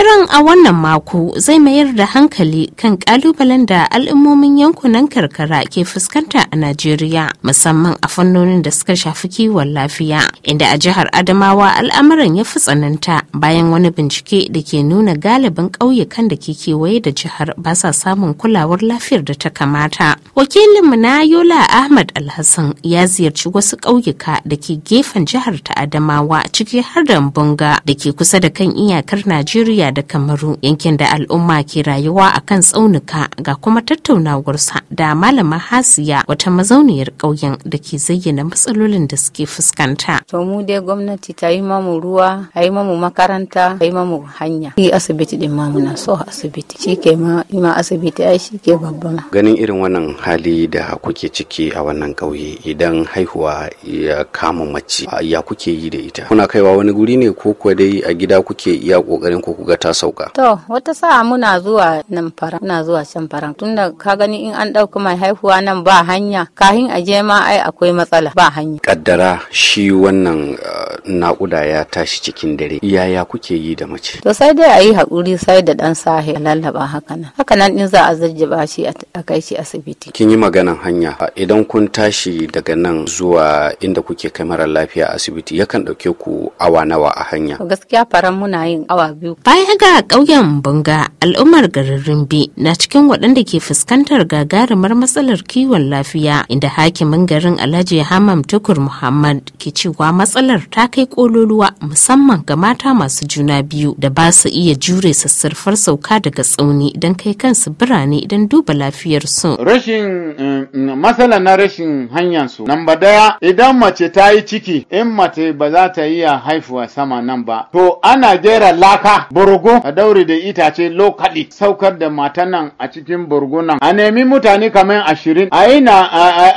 Shirin a wannan mako zai mayar da hankali kan kalubalen da al'ummomin yankunan karkara ke fuskanta a Najeriya musamman a fannonin da suka shafi kiwon lafiya inda a jihar Adamawa al'amarin ya fi tsananta bayan wani bincike da ke nuna galibin ƙauyukan da ke kewaye da jihar ba sa samun kulawar lafiyar da ta kamata. wakilin Wakilinmu na Yola Ahmad Alhassan ya ziyarci wasu ƙauyuka da ke gefen jihar ta Adamawa ciki har da da ke kusa da kan iyakar Najeriya da Kamaru yankin da al'umma ke rayuwa a kan tsaunuka ga kuma tattaunawarsa da malama Hasiya wata mazauniyar ƙauyen da ke zayyana matsalolin da suke fuskanta. To mu dai gwamnati ta yi mamu ruwa, a yi mamu makaranta, a yi mamu hanya. Yi asibiti din mamu na so asibiti. Shi ke ma asibiti ai shi ke babban. Ganin irin wannan hali da kuke ciki a wannan ƙauye idan haihuwa ya kama mace ya kuke yi da ita. Kuna kaiwa wani guri ne ko kuwa dai a gida kuke iya ƙoƙarin ku ga ta sauka. To wata sa muna zuwa nan faran muna zuwa can faran tunda ka gani in an ɗauki mai haihuwa nan ba hanya kahin a je ma ai akwai matsala ba hanya. Kaddara shi wannan uh, naƙuda ya tashi cikin dare yaya kuke yi da mace. To sai dai a yi haƙuri sai da ɗan sahi a lallaba haka nan. Haka nan in za a zajjaba shi a kai shi asibiti. Kin yi maganan hanya idan kun tashi daga nan zuwa inda kuke kai mara lafiya asibiti yakan ɗauke ku awa nawa a hanya. Gaskiya faran muna yin awa biyu. Bayan Baya ga ƙauyen Bunga, al'ummar garin Rimbi na cikin waɗanda ke fuskantar gagarumar matsalar kiwon lafiya inda hakimin garin Alhaji Hamam Tukur Muhammad ke cewa matsalar ta kai ƙololuwa musamman ga mata masu juna biyu da ba su iya jure sassarfar sauka daga tsauni don kai kansu birane don duba lafiyar su. Rashin mm, mm, matsala na rashin hanyar su. Namba daya idan mace ta yi ciki in mace ba za ta iya haifuwa sama nan ba to ana gera laka borgo a daure da itace lokali saukar da mata nan a cikin borgo a nemi mutane kamar ashirin a yi na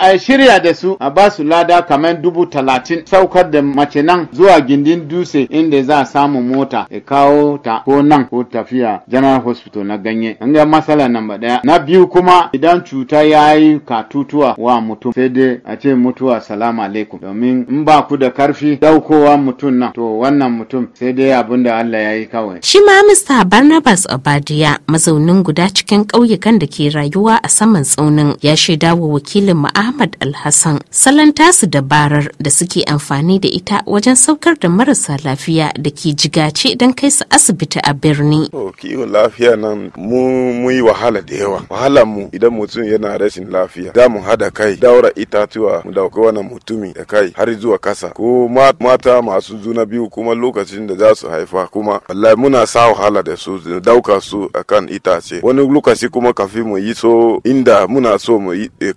a shirya da su a ba su lada kamar dubu talatin saukar da mace nan zuwa gindin dutse inda za a samu mota ya kawo ta ko nan ko tafiya general hospital na ganye an ga matsala namba daya na biyu kuma idan cuta ya yi katutuwa wa mutum sai dai a ce mutuwa salamu alaikum domin in ba ku da karfi daukowa mutum nan to wannan mutum sai dai abin da Allah ya yi kawai. ma Mr. Barnabas Obadiya mazaunin guda cikin ƙauyukan da ke rayuwa a saman tsaunin ya shaida wa wakilin Muhammad Alhassan salon tasu dabarar da suke amfani da ita wajen saukar da marasa lafiya da ke jigace don kai su asibiti a birni. kiwon lafiya nan mu yi wahala da yawa. Wahala mu idan mutum yana rashin lafiya da mu hada kai daura itatuwa mu dauki wannan mutumi da kai har zuwa kasa ko mata masu juna biyu kuma lokacin da za su haifa kuma wallahi muna sa wahala da su dauka su akan itace wani lokaci kuma kafi mu yi so inda muna so mu eh,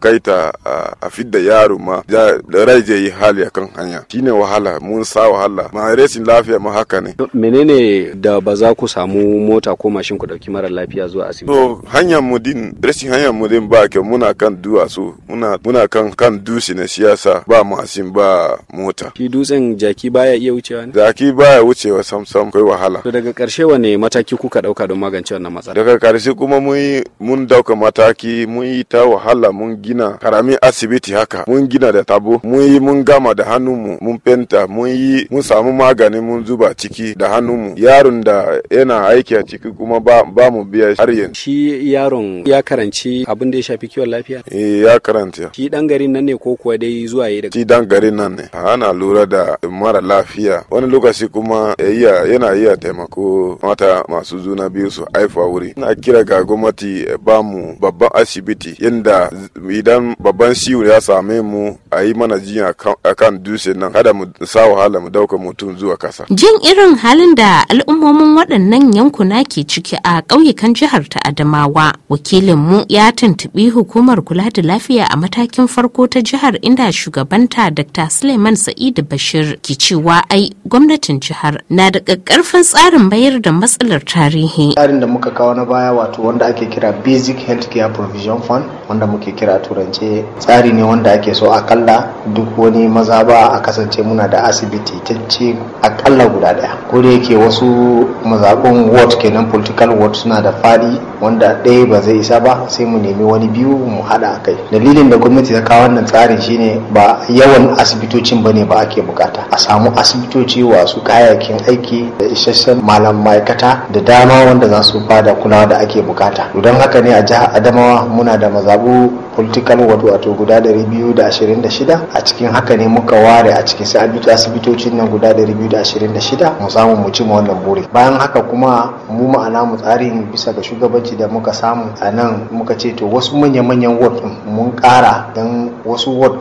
kai ta a fidda yaro ma rai je yi hali akan hanya shine wahala mun sa wahala ma resin lafiya ma haka ne menene da ba za ku samu mota ko mashin ku dauki mara lafiya zuwa asibiti to hanya mu din resin hanya mu din ba ke muna kan duwatsu muna muna kan kan dusi na siyasa ba mashin ba mota ki dutsen jaki baya iya wucewa ne jaki baya wucewa sam sam kai wahala daga karshe wane mataki kuka dauka don magance wannan matsala daga karshe kuma mun dauka mataki mun yi ta wahala mun gina karami asibiti haka mun gina da tabo mun yi mun gama da hannunmu mun penta mun yi mun samu magani mun zuba ciki da hannunmu yaron da yana aiki a ciki kuma ba, mu biya har yanzu shi yaron ya karanci abin da ya shafi kiwon lafiya eh ya karanta shi dan garin nan ne ko kuwa dai zuwa yi daga shi dan garin nan ne ana lura da mara lafiya wani lokaci kuma yana iya taimako taimako mata masu juna biyu su haifa wuri na kira ga gwamnati ba mu babban asibiti yadda idan babban siyu ya same mu a yi mana jinya akan dutse nan kada mu sa wahala mu dauka mutum zuwa kasa jin irin halin da al'ummomin waɗannan yankuna ke ciki a ƙauyukan jihar ta adamawa wakilin mu ya tuntubi hukumar kula da lafiya a matakin farko ta jihar inda shugabanta dr suleiman sa'idu bashir ke cewa ai gwamnatin jihar na da ƙaƙƙarfin tsarin tsarin bayar da matsalar tarihi. Tsarin da muka kawo na baya wato wanda ake kira Basic Healthcare Provision Fund wanda muke kira turance tsari ne wanda ake so akalla duk wani maza ba a kasance muna da asibiti tacce akalla guda daya. Ko da yake wasu mazaɓun ward kenan political ward suna da fadi wanda ɗaya ba zai isa ba sai mu nemi wani biyu mu haɗa a kai. Dalilin da gwamnati ta kawo wannan tsarin shine ba yawan asibitocin ne ba ake bukata a samu asibitoci wasu kayayyakin aiki da isasshen malam ma'aikata da dama wanda za su bada kulawa da ake bukata don haka ne a jihar adamawa muna da mazabu political ward wato guda 226 a cikin haka ne muka ware a cikin sai asibitocin nan guda 226 mu samu mu cimma wannan buri bayan haka kuma mu ma'ana mu tsarin bisa ga shugabanci da muka samu a nan muka ce to wasu manya-manyan ward mun kara don wasu ward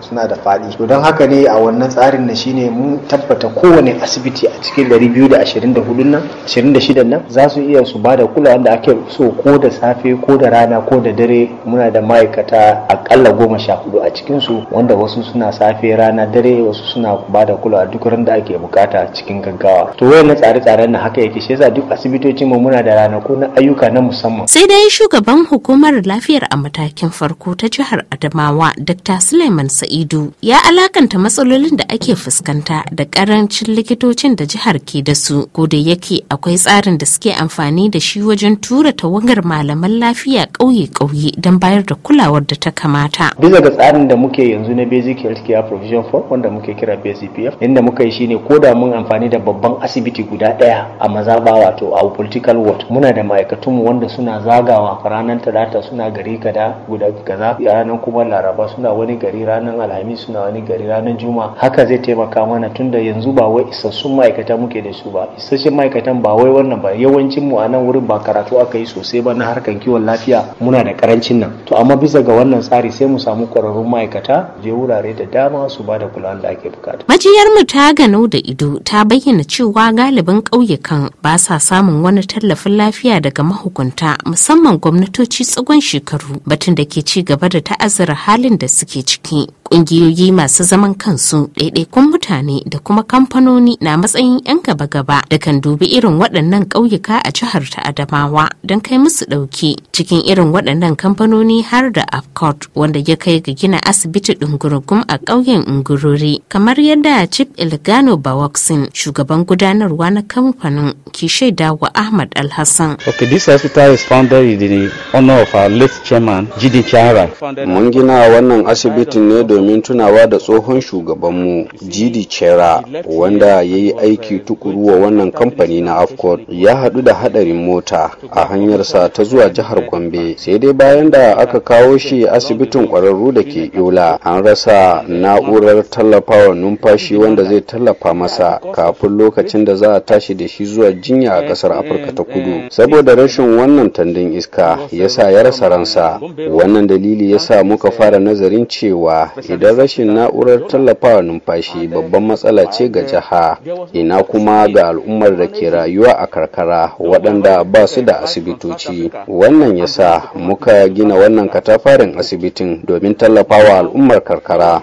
suna da faɗi to don haka ne a wannan tsarin na shine mu tabbata kowane asibiti a cikin 224 nan 26 nan za su iya su ba da kulawa da ake so ko da safe ko da rana ko da dare muna da ma'aikata ma'aikata akalla goma sha hudu a cikinsu wanda wasu suna safe rana dare wasu suna ba da kulawa duk ran da ake bukata cikin gaggawa to na tsare tsare na haka yake shi yasa duk asibitocin mu muna da ranaku na ayyuka na musamman sai dai shugaban hukumar lafiyar a matakin farko ta jihar Adamawa Dr. Suleiman Sa'idu ya alakanta matsalolin da ake fuskanta da karancin likitocin da jihar ke da su ko da yake akwai tsarin da suke amfani da shi wajen tura tawagar malaman lafiya ƙauye-ƙauye don bayar da kula kulawar da ta kamata. Bisa ga tsarin da muke yanzu na Basic Health Care Provision Fund wanda muke kira BCPF inda muka yi shine ko da mun amfani da babban asibiti guda ɗaya a mazaba wato a political ward muna da ma'aikatun mu wanda suna zagawa ranar talata suna gari kada guda kaza ranar kuma laraba suna wani gari ranar alhamis suna wani gari ranar juma haka zai taimaka mana tunda yanzu ba wai isassun ma'aikata muke da su ba isassun ma'aikatan ba wai wannan ba yawancin mu a nan wurin ba karatu aka yi sosai ba na harkar kiwon lafiya muna da karancin nan to amma bisa ga wannan tsari sai mu samu ƙwararrun ma'aikata je wurare da dama su bada da kula da ake bukata. Majiyar mu ta ganau da ido ta bayyana cewa galibin ƙauyukan ba sa samun wani tallafin lafiya daga mahukunta musamman gwamnatoci tsagon shekaru batun da ke ci gaba da ta'azzara halin da suke ciki. Ƙungiyoyi masu zaman kansu ɗaiɗaikun mutane da kuma kamfanoni na matsayin 'yan gaba-gaba da kan dubi irin waɗannan ƙauyuka a jihar ta Adamawa don kai musu ɗauki cikin irin waɗannan kamfanoni har da da apcot wanda ya kai ga gina asibiti ɗungurugum a ƙauyen ungurori kamar yadda chief ilgano bawaksin shugaban gudanarwa na kamfanin ki shaida wa ahmad alhassan okay this hospital is founded in the honor of our late chairman gd chara mun gina wannan asibitin ne domin tunawa da tsohon shugabanmu gd Chara, wanda ya yi aiki tukuru wa wannan kamfani na afcot ya haɗu da haɗarin mota a hanyarsa ta zuwa jihar gombe sai dai bayan da aka kawo kawo shi asibitin kwararru da ke yola an rasa na'urar tallafawa numfashi wanda zai tallafa masa kafin lokacin da za a tashi da shi zuwa jinya a ƙasar afirka ta kudu saboda rashin wannan tandin iska ya sa ya rasa ransa wannan dalili sa muka fara nazarin cewa idan rashin na'urar tallafawa numfashi babban matsala ce ga jiha ina kuma ga al'ummar da ke rayuwa a karkara waɗanda ba su da asibitoci wannan ya sa muka gina wannan katafa farin asibitin domin tallafawa al'ummar karkara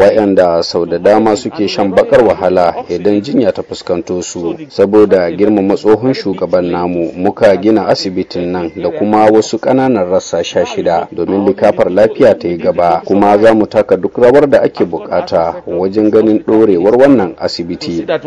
waɗanda sau da dama suke shan bakar wahala idan jinya ta fuskanto su saboda girmama tsohon shugaban namu muka gina asibitin nan da kuma wasu ƙananan rassa sha shida domin likafar lafiya ta yi gaba kuma za mu taka duk rawar da ake bukata wajen ganin ɗorewar wannan asibiti. Tuma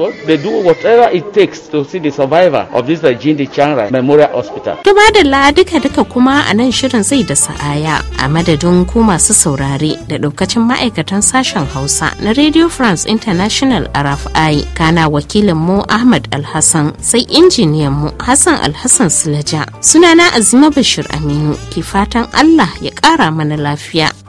da duka duka kuma a nan shirin zai da sa'aya a madadin ku masu saurare da daukacin ma'aikatan sashen Hausa na Radio France International RFI kana wakilin mu Ahmad Alhassan sai injiniyan mu Hassan Alhassan Sulaja sunana Azima Bashir Aminu ke fatan Allah ya kara mana lafiya.